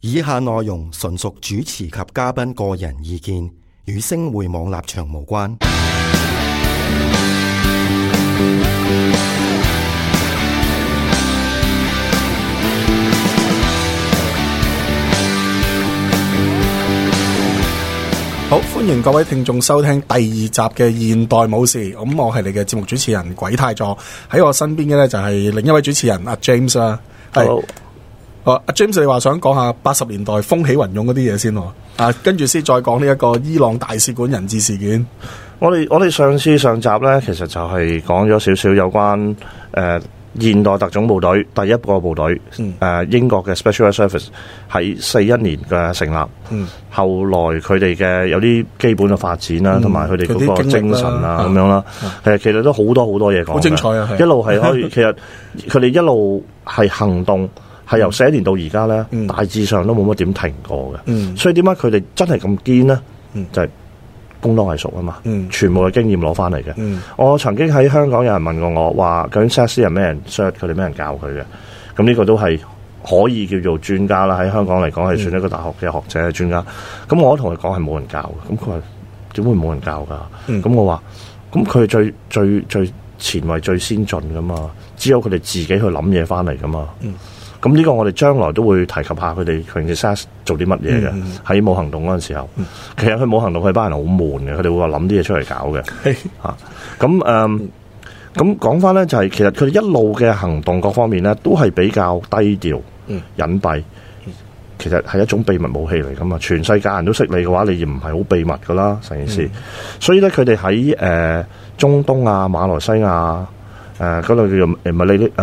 以下內容純屬主持及嘉賓個人意見，與星匯網立場無關。好，歡迎各位聽眾收聽第二集嘅現代武士。咁，我係你嘅節目主持人鬼太座。喺我身邊嘅呢，就係另一位主持人阿 James 啦。係。阿、oh, James，你話想講下八十年代風起雲湧嗰啲嘢先喎，啊，跟住先再講呢一個伊朗大使館人質事件。我哋我哋上次上集咧，其實就係講咗少少有關誒、呃、現代特種部隊第一個部隊誒、嗯呃、英國嘅 Special Service 喺四一年嘅成立，嗯、後來佢哋嘅有啲基本嘅發展啦、啊，同埋佢哋嗰個精神啊，咁、嗯啊啊啊、樣啦、啊，誒、啊，其實都好多好多嘢講，好精彩啊，是一路係可以， 其實佢哋一路係行動。係由四一年到而家咧，大致上都冇乜點停過嘅、嗯。所以點解佢哋真係咁堅咧？就係工多藝熟啊嘛、嗯，全部嘅經驗攞翻嚟嘅。我曾經喺香港有人問過我話，說究竟 SAS 係咩人？SAS 佢哋咩人教佢嘅？咁、嗯、呢、嗯、個都係可以叫做專家啦。喺香港嚟講係算一個大學嘅學者嘅專、嗯、家。咁我同佢講係冇人教嘅。咁佢話：點會冇人教噶？咁、嗯、我話：咁佢係最最最前衛、最先進噶嘛，只有佢哋自己去諗嘢翻嚟噶嘛。嗯咁、這、呢個我哋將來都會提及下佢哋做啲乜嘢嘅，喺、嗯、冇行動嗰陣時候，嗯、其實佢冇行動，佢班人好悶嘅，佢哋會話諗啲嘢出嚟搞嘅嚇。咁誒，咁講翻咧就係、是、其實佢哋一路嘅行動各方面咧都係比較低調、隱、嗯、蔽，其實係一種秘密武器嚟噶嘛。全世界人都識你嘅話，你唔係好秘密噶啦，成件事。嗯、所以咧，佢哋喺誒中東啊、馬來西亞。誒嗰類叫做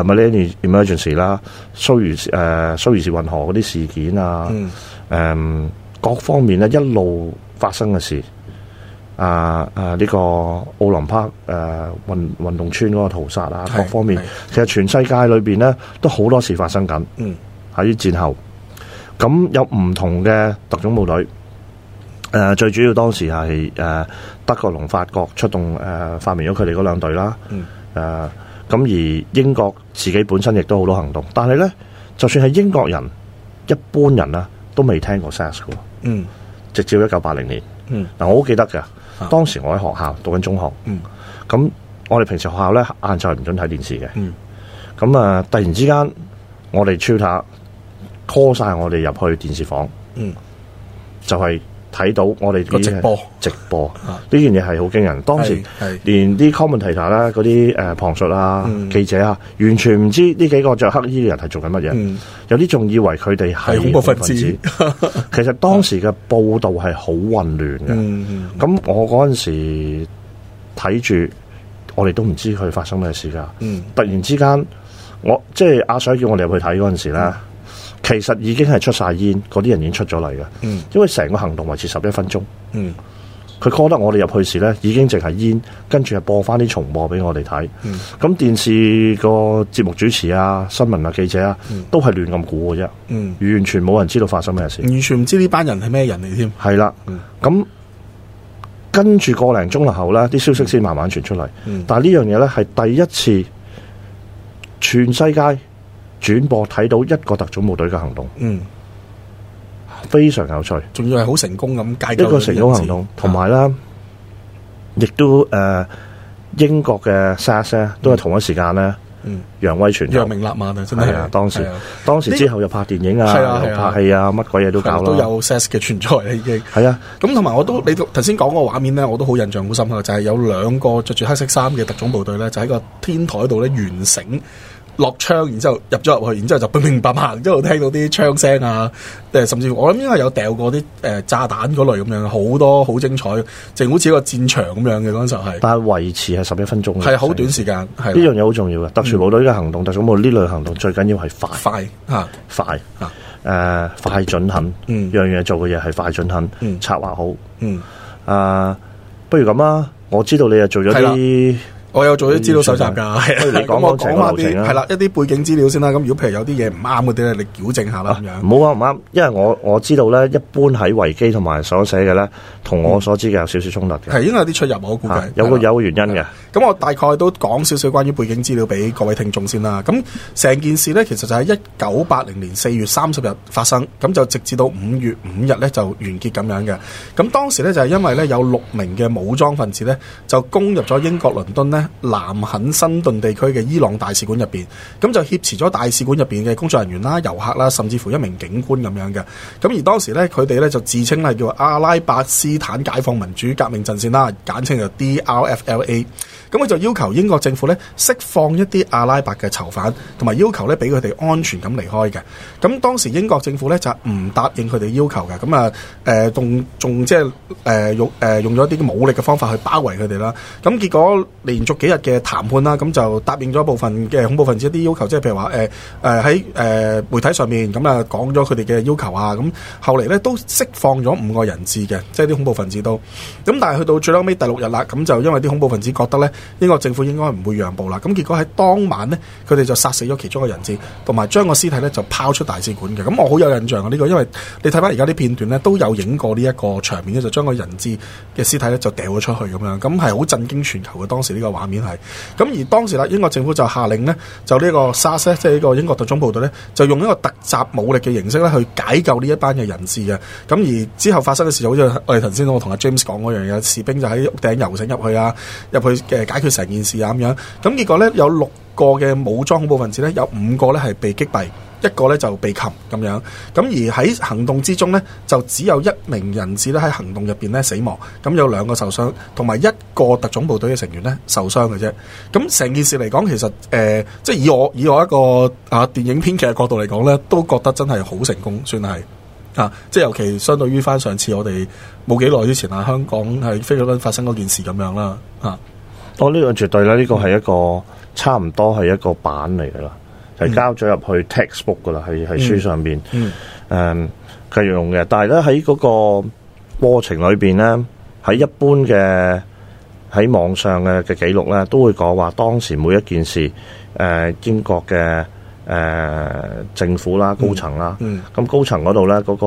Malini emergency 啦、呃，蘇伊士誒蘇伊士運河嗰啲事件啊，誒、嗯啊、各方面咧一路發生嘅事，啊啊呢、呢個奧林匹誒運運動村嗰個屠殺啊，各方面其實全世界裏邊咧都好多事發生緊，喺、嗯、於戰後，咁有唔同嘅特種部隊，誒、啊、最主要當時係誒、啊、德國同法國出動誒、啊、發明咗佢哋嗰兩隊啦，誒、嗯。啊。咁而英國自己本身亦都好多行動，但係咧，就算係英國人，一般人啊，都未聽過 SAS 噶喎。嗯，直至一九八零年。嗯，嗱、啊，我好記得㗎。當時我喺學校讀緊中學。嗯，咁我哋平時學校咧晏晝係唔准睇電視嘅。嗯，咁啊，突然之間，我哋 tutor call 晒我哋入去電視房。嗯，就係、是。睇到我哋個直播、啊、直播呢樣嘢係好驚人，當時連啲 Commentator 啦，嗰啲誒旁述啦、記者啊，完全唔知呢幾個着黑衣嘅人係做緊乜嘢，有啲仲以為佢哋係恐怖分子。分子啊、其實當時嘅報道係好混亂嘅。咁、嗯、我嗰陣時睇住，我哋都唔知佢發生咩事噶、嗯。突然之間，我即係阿水叫我哋入去睇嗰陣時啦。嗯其實已經係出晒煙，嗰啲人已經出咗嚟嘅。因為成個行動維持十一分鐘。佢 call 得我哋入去時咧，已經淨係煙，跟住係播翻啲重播俾我哋睇。咁、嗯、電視個節目主持啊、新聞啊、記者啊、嗯、都係亂咁估嘅啫。完全冇人知道發生咩事。完全唔知呢班人係咩人嚟、啊、添。係啦。咁跟住個零鐘落後咧，啲消息先慢慢傳出嚟、嗯。但係呢樣嘢咧，係第一次全世界。轉播睇到一個特種部隊嘅行動，嗯，非常有趣，仲要係好成功咁解救一個成功行動，同埋咧，亦都誒，英國嘅 SAS 都係同一時間咧，嗯，揚威全，揚名立萬啊，真係啊！當時，當時之後又拍電影啊，又拍戲啊，乜鬼嘢都搞啦，都有 SAS 嘅存在啦，已經係啊！咁同埋我都你頭先講個畫面咧，我都好印象好深刻，就係有兩個着住黑色衫嘅特種部隊咧，就喺個天台度咧完成。落槍，然之後入咗入去，然之後就乒乒乓乓，然之後聽到啲槍聲啊、呃，甚至我諗應該有掉過啲、呃、炸彈嗰類咁樣，好多好精彩，正好似一個戰場咁樣嘅嗰陣時係。但係維持係十一分鐘，係好短時間。呢樣嘢好重要嘅，特殊部隊嘅行動、嗯、特殊部呢類行動最緊要係快，啊、快快、啊呃、快準狠，樣、嗯、嘢做嘅嘢係快準狠、嗯，策劃好。嗯啊、呃，不如咁啊，我知道你又做咗啲。我有做啲資料蒐集㗎，嗯、你講 我講一下啲係啦，一啲背景資料先啦。咁如果譬如有啲嘢唔啱嗰啲咧，你矯正下啦咁、啊、樣。唔好話唔啱，因為我我知道咧，一般喺維基同埋所寫嘅咧，同我所知嘅有少少衝突嘅。係應該有啲出入，我估計有個有原因嘅。咁我大概都講少少關於背景資料俾各位聽眾先啦。咁成件事呢，其實就喺一九八零年四月三十日發生，咁就直至到五月五日呢，就完結咁樣嘅。咁當時呢，就係因為呢，有六名嘅武裝分子呢，就攻入咗英國倫敦呢南肯辛頓地區嘅伊朗大使館入面，咁就挾持咗大使館入面嘅工作人員啦、遊客啦，甚至乎一名警官咁樣嘅。咁而當時呢，佢哋呢，就自稱係叫阿拉伯斯坦解放民主革命陣線啦，簡稱就 D R F L A。咁佢就要求英國政府咧釋放一啲阿拉伯嘅囚犯，同埋要求咧俾佢哋安全咁離開嘅。咁當時英國政府咧就唔答應佢哋要求嘅。咁啊，誒仲仲即係誒用誒用咗一啲武力嘅方法去包圍佢哋啦。咁結果連續幾日嘅談判啦，咁就答應咗部分嘅恐怖分子一啲要求，即係譬如話誒誒喺誒媒體上面咁啊講咗佢哋嘅要求啊。咁後嚟咧都釋放咗五個人質嘅，即係啲恐怖分子都。咁但係去到最後尾第六日啦，咁就因為啲恐怖分子覺得咧，英國政府應該唔會讓步啦。咁結果喺當晚呢，佢哋就殺死咗其中嘅人質，同埋將個屍體咧就拋出大使館嘅。咁我好有印象啊，呢個，因為你睇翻而家啲片段咧都有影過呢一個場面咧，就將個人質嘅屍體咧就掉咗出去咁樣，咁係好震驚全球嘅當時呢個畫面係。咁而當時呢英國政府就下令呢，就呢個 SAS 即係呢個英國特種部隊咧，就用一個突襲武力嘅形式咧去解救呢一班嘅人質嘅。咁而之後發生嘅事就好似我哋頭先我同阿 James 講嗰樣嘢，士兵就喺屋頂遊繩入去啊，入去嘅。解決成件事啊咁樣，咁結果咧有六個嘅武裝恐怖分子咧，有五個咧係被擊斃，一個咧就被擒咁樣。咁而喺行動之中咧，就只有一名人士咧喺行動入邊咧死亡，咁有兩個受傷，同埋一個特種部隊嘅成員咧受傷嘅啫。咁成件事嚟講，其實誒、呃，即係以我以我一個啊電影編劇嘅角度嚟講咧，都覺得真係好成功，算係啊！即係尤其相對於翻上次我哋冇幾耐之前啊，香港喺菲律賓發生嗰件事咁樣啦啊！我、哦、呢、這個絕對啦，呢、這個係一個差唔多係一個版嚟噶啦，係、嗯就是、交咗入去 textbook 噶啦，係係書上邊，誒、嗯，繼、嗯、續、嗯、用嘅。但係咧喺嗰個過程裏邊咧，喺一般嘅喺網上嘅嘅記錄咧，都會講話當時每一件事，誒、呃，英國嘅誒、呃、政府啦，高層啦，咁、嗯嗯、高層嗰度咧，嗰、那個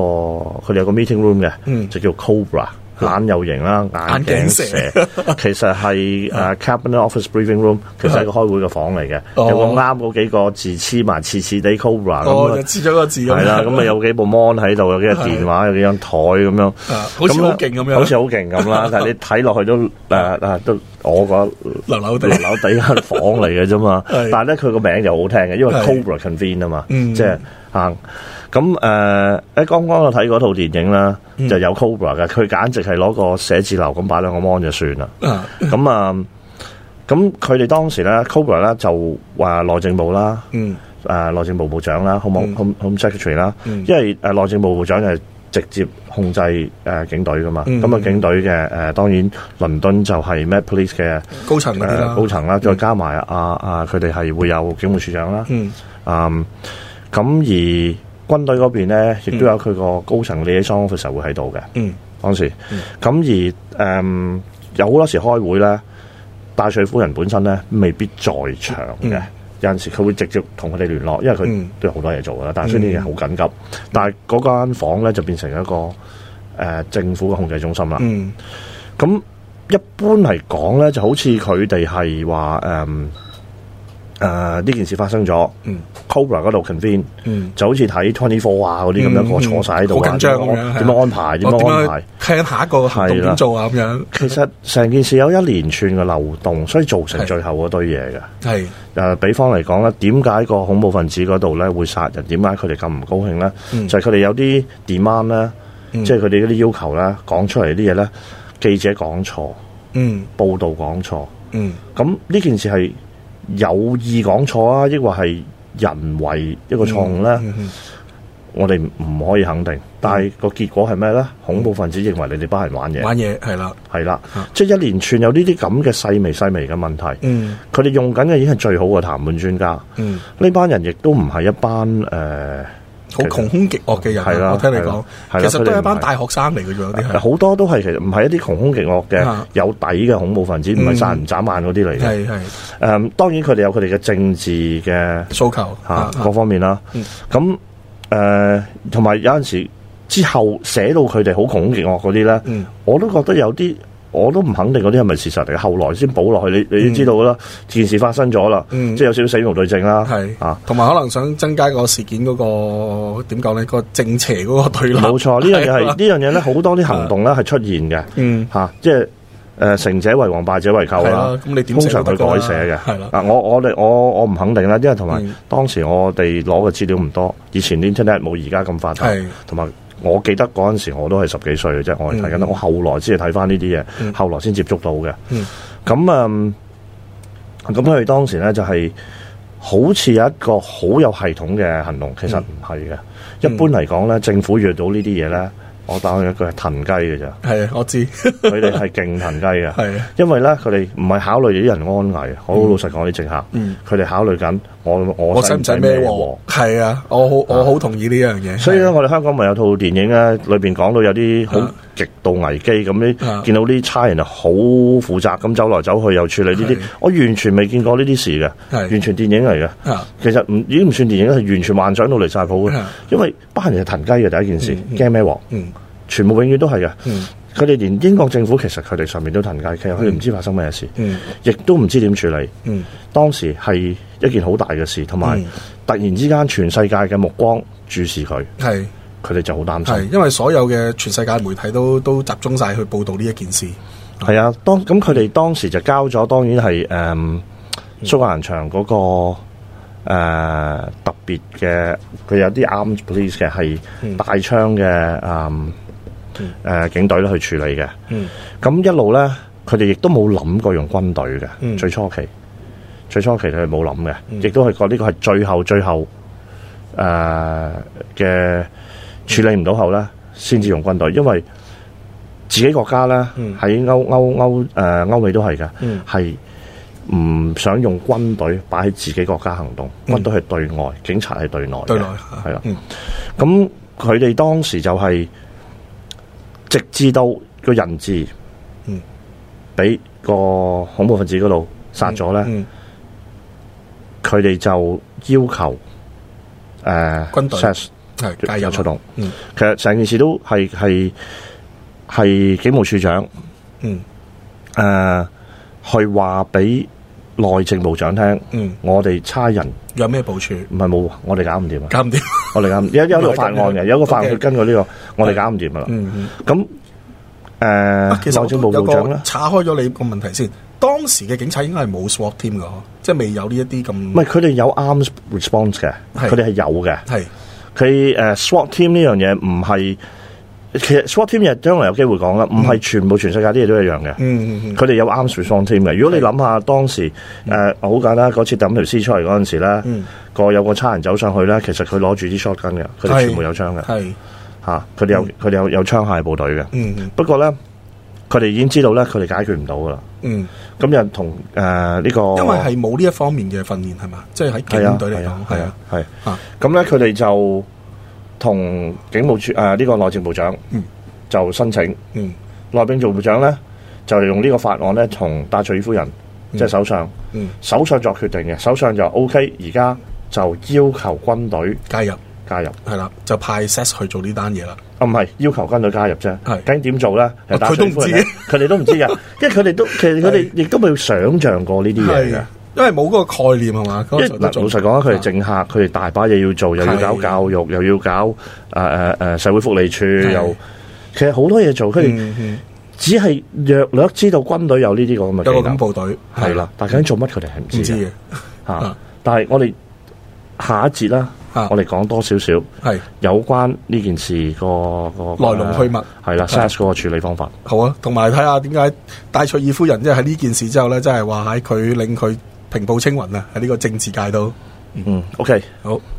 佢哋有個 meeting room 嘅、嗯，就叫 Cobra。眼又型啦，眼鏡蛇，眼鏡蛇，蛇其實係誒、 uh, Cabinet Office Briefing Room，其實係一個開會嘅房嚟嘅、哦，有個啱嗰幾個字黐埋次次地 Cobra，黐、哦、咗個字。係啦，咁、嗯、咪有幾部 mon 喺度，有啲電話，有幾張台咁樣，啊、好似好勁咁樣，好似好勁咁啦。但係你睇落去都誒誒、 啊啊、都。我個樓樓底樓底間房嚟嘅啫嘛，但係咧佢個名就好聽嘅，因為 Cobra Conven 啊嘛，即係啊咁誒，喺剛剛我睇嗰套電影啦、嗯，就有 Cobra 嘅，佢簡直係攞個寫字樓咁擺兩個 mon 就算啦。咁啊，咁佢哋當時咧 Cobra 咧就話內政部啦，嗯，啊內政部部長啦，嗯、好冇好好 Home Secretary 啦，嗯、因為誒內政部部長就係。直接控制誒、呃、警隊噶嘛，咁、嗯、啊、那個、警隊嘅誒、呃、當然，倫敦就係 Met Police 嘅高層嘅、呃，高層啦，嗯、再加埋阿阿佢哋係會有警務處長啦，嗯，咁、嗯、而軍隊嗰邊咧，亦都有佢個高層呢啲上尉實會喺度嘅，嗯，當時，咁、嗯、而誒、嗯、有好多時開會咧，戴卓爾夫人本身咧未必在場嘅。嗯嗯有陣時佢會直接同佢哋聯絡，因為佢都有好多嘢做㗎啦、嗯。但係雖然啲嘢好緊急，嗯、但係嗰間房咧就變成一個誒、呃、政府嘅控制中心啦。咁、嗯、一般嚟講咧，就好似佢哋係話誒。嗯誒、呃，呢件事發生咗，嗯、Cobra 嗰度 convene 就好似睇 Twenty Four 啊嗰啲咁樣，我、嗯、坐晒喺度啊，點樣，樣安排？點、啊、樣安排？聽下一個行動點做啊？咁樣。其實成件事有一連串嘅漏洞，所以造成最後嗰堆嘢嘅。係誒、呃，比方嚟講咧，點解個恐怖分子嗰度咧會殺人？點解佢哋咁唔高興咧、嗯？就係佢哋有啲 demand 咧，即係佢哋嗰啲要求咧，講出嚟啲嘢咧，記者講錯，嗯，報道講錯，嗯，咁、嗯、呢件事係。有意講錯啊，抑或係人為一個錯誤咧、嗯？我哋唔可以肯定，嗯、但係個結果係咩咧？恐怖分子認為你哋班人玩嘢，玩嘢係啦，係啦，即係、啊、一連串有呢啲咁嘅細微細微嘅問題。嗯，佢哋用緊嘅已經係最好嘅談判專家。嗯，呢班人亦都唔係一班誒。呃好窮凶極惡嘅人係，我聽你講，其實都係一班大學生嚟嘅啫，啲好多都係其實唔係一啲窮凶極惡嘅，有底嘅恐怖分子唔係眨唔眨眼嗰啲嚟嘅。係、嗯、係，誒、嗯嗯，當然佢哋有佢哋嘅政治嘅訴求吓、啊，各方面啦。咁、啊、誒，同、啊、埋、呃、有陣時之後寫到佢哋好窮凶極惡嗰啲咧，我都覺得有啲。我都唔肯定嗰啲係咪事實嚟，後來先補落去，你你都知道啦、嗯。件事發生咗啦、嗯，即係有少少死無對證啦，啊，同埋可能想增加個事件嗰、那個點講咧，呢那個正邪嗰個對立。冇錯，呢、啊、樣嘢係呢樣嘢咧，好、啊、多啲行動咧係出現嘅，吓、啊啊，即係誒、呃，成者為王，敗者為寇啦。咁、啊、你點通常佢改寫嘅，係啦、啊。啊，我我哋我我唔肯定啦，因為同埋當時我哋攞嘅資料唔多，以前 internet 冇而家咁發達，同埋、啊。我記得嗰陣時，我都係十幾歲嘅啫，我係睇緊，我後來先係睇返呢啲嘢，後來先接觸到嘅。咁、嗯、誒，咁佢、嗯、當時咧就係、是、好似有一個好有系統嘅行動，其實唔係嘅。一般嚟講咧，政府遇到這些東西呢啲嘢咧。我打佢一句係騰雞嘅啫，係啊，我知佢哋係勁騰雞嘅，係啊，因為咧佢哋唔係考慮啲人安危啊，好、嗯、老實講啲政客，佢、嗯、哋考慮緊我我我使唔使咩鑊？係啊，我好我好同意呢樣嘢。所以咧，我哋香港咪有套電影咧，裏邊講到有啲好極度危機咁，你見到啲差人啊好負責咁走來走去又處理呢啲，我完全未見過呢啲事嘅，係完全電影嚟嘅。其實唔已經唔算電影，係完全幻想到離晒譜嘅，因為班人係騰雞嘅第一件事，驚、嗯、咩全部永遠都係嘅，佢、嗯、哋連英國政府其實佢哋上面都騰雞，佢哋唔知道發生咩事，亦都唔知點處理。嗯、當時係一件好大嘅事，同埋、嗯、突然之間全世界嘅目光注視佢，係佢哋就好擔心。因為所有嘅全世界媒體都都集中晒去報導呢一件事。係啊，當咁佢哋當時就交咗，當然係誒、嗯、蘇格蘭場嗰個誒、呃、特別嘅，佢有啲啱 please 嘅係大槍嘅誒。嗯誒、呃，警隊去處理嘅，咁、嗯、一路呢，佢哋亦都冇諗過用軍隊嘅、嗯，最初期，最初期佢係冇諗嘅，亦都係覺呢個係最後最後誒嘅、呃、處理唔到後呢，先、嗯、至用軍隊，因為自己國家呢，喺歐歐歐誒歐美都係嘅，係、嗯、唔想用軍隊擺喺自己國家行動，軍隊係對外，警察係對內嘅、對內，係啦，咁佢哋當時就係、是。直至到個人質嗯，俾個恐怖分子嗰度殺咗咧，佢、嗯、哋、嗯嗯、就要求，誒、呃、軍隊係、呃、介入出動。嗯、其實成件事都係係係警務處長嗯，誒、呃、去話俾內政部長聽嗯，我哋差人有咩部署？唔係冇，我哋搞唔掂啊！搞唔掂。我哋啱，有有個法案嘅，有個法案佢根據呢個，我哋搞唔掂噶啦。咁誒，我先冇印象啦。查開咗你個問題先，當時嘅警察應該係冇 SWAT team 噶，即係未有呢一啲咁。唔係，佢哋有 arms response 嘅，佢哋係有嘅。係佢誒，SWAT team 呢樣嘢唔係。其實 s h o t team 日將來有機會講啦，唔係全部全世界啲嘢都一樣嘅。佢哋有啱 short team 嘅。如果你諗下當時誒好簡單嗰次抌條 c 出嚟嗰陣時咧，那個有個差人走上去咧，其實佢攞住啲 s h o t 巾嘅，佢哋全部有槍嘅。係吓，佢哋、啊、有佢哋、嗯、有有，有槍械部隊嘅、嗯。不過咧，佢哋已經知道咧，佢哋解決唔到噶啦。咁又同誒呢個因為係冇呢一方面嘅訓練係嘛，即係喺警隊嚟講，係啊係咁咧佢哋就。同警務處誒呢、呃這個內政部長、嗯、就申請，內、嗯、政做部長咧就用呢個法案咧，同戴卓爾夫人、嗯、即係首相、嗯，首相作決定嘅，首相就 O K，而家就要求軍隊加入加入，係啦，就派 SAS 去做呢單嘢啦。啊唔係，要求軍隊加入啫，究竟點做咧？戴卓爾夫人，佢、啊、都唔知，佢哋都唔知噶， 因為佢哋都其實佢哋亦都未想象過呢啲嘢嘅。因為冇嗰個概念係嘛，嗱、那個、老實講，佢係政客，佢、啊、哋大把嘢要做，又要搞教育，又要搞誒誒誒社會福利署，又其實好多嘢做，佢哋、嗯嗯、只係略略知道軍隊有呢啲咁嘅，有個咁部隊係啦，但究竟做乜佢哋係唔知嘅吓、啊啊。但係我哋下一節啦、啊，我哋講多少少係有關呢件事的、啊那個個來龍去脈係啦，嗰、那個處理方法好啊，同埋睇下點解戴卓爾夫人即係喺呢件事之後咧，即係話喺佢令佢。平步青雲啊！喺呢個政治界度。嗯，OK，好。Okay.